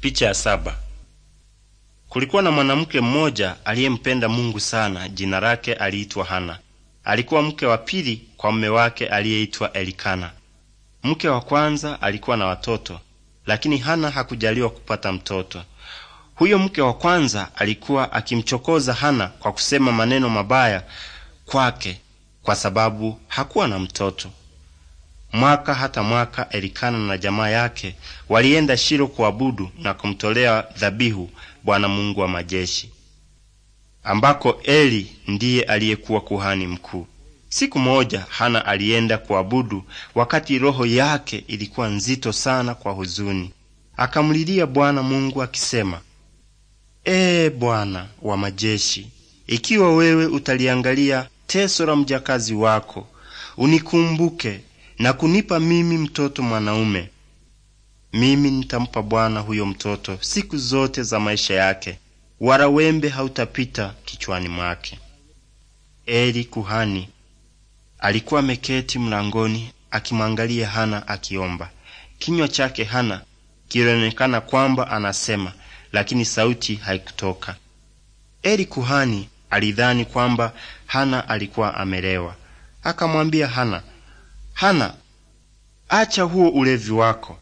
Picha ya saba. Kulikuwa na mwanamke mmoja aliyempenda Mungu sana, jina lake aliitwa Hana. Alikuwa mke wa pili kwa mume wake aliyeitwa Elikana. Mke wa kwanza alikuwa na watoto, lakini Hana hakujaliwa kupata mtoto. Huyo mke wa kwanza alikuwa akimchokoza Hana kwa kusema maneno mabaya kwake, kwa sababu hakuwa na mtoto. Mwaka hata mwaka Elikana na jamaa yake walienda Shilo kuabudu na kumtolea dhabihu Bwana Mungu wa majeshi, ambako Eli ndiye aliyekuwa kuhani mkuu. Siku moja Hana alienda kuabudu, wakati roho yake ilikuwa nzito sana kwa huzuni. Akamlilia Bwana Mungu akisema, Ee Bwana wa majeshi, ikiwa wewe utaliangalia teso la mjakazi wako, unikumbuke na kunipa mimi mtoto mwanaume, mimi nitampa Bwana huyo mtoto siku zote za maisha yake, wala wembe hautapita kichwani mwake. Eli kuhani alikuwa ameketi mlangoni akimwangalia Hana akiomba. Kinywa chake Hana kilionekana kwamba anasema, lakini sauti haikutoka. Eli kuhani alidhani kwamba Hana alikuwa amelewa. Akamwambia Hana, Hana, acha huo ulevi wako.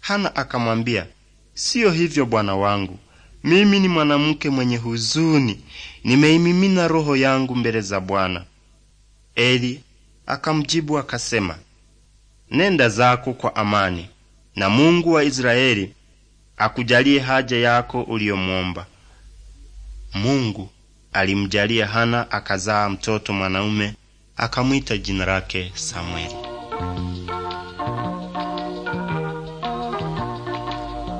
Hana akamwambia, siyo hivyo bwana wangu, mimi ni mwanamke mwenye huzuni, nimeimimina roho yangu mbele za Bwana. Eli akamjibu akasema, nenda zako kwa amani, na Mungu wa Israeli akujalie haja yako uliyomwomba. Mungu alimjalia Hana akazaa mtoto mwanaume akamwita jina lake Samweli.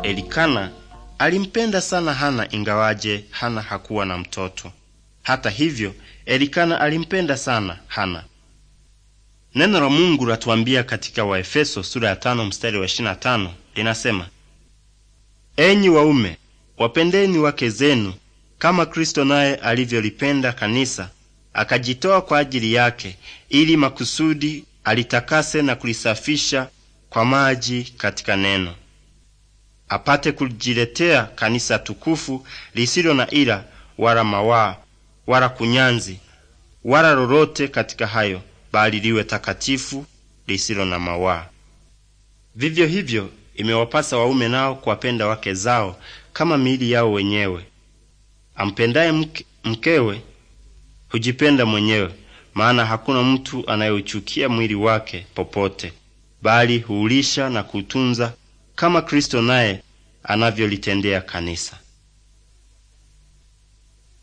Elikana alimpenda sana Hana, ingawaje Hana hakuwa na mtoto. Hata hivyo, Elikana alimpenda sana Hana. Neno la Mungu latuambia katika Waefeso sura ya tano mstari wa ishirini na tano linasema, enyi waume wapendeni wake zenu kama Kristo naye alivyolipenda kanisa akajitoa kwa ajili yake ili makusudi alitakase na kulisafisha kwa maji katika neno, apate kujiletea kanisa tukufu lisilo na ila wala mawaa wala kunyanzi wala lolote katika hayo, bali liwe takatifu lisilo na mawaa. Vivyo hivyo imewapasa waume nao kuwapenda wake zao kama miili yao wenyewe. Ampendaye mke, mkewe hujipenda mwenyewe, maana hakuna mtu anayeuchukia mwili wake popote, bali huulisha na kuutunza kama Kristo naye anavyolitendea kanisa.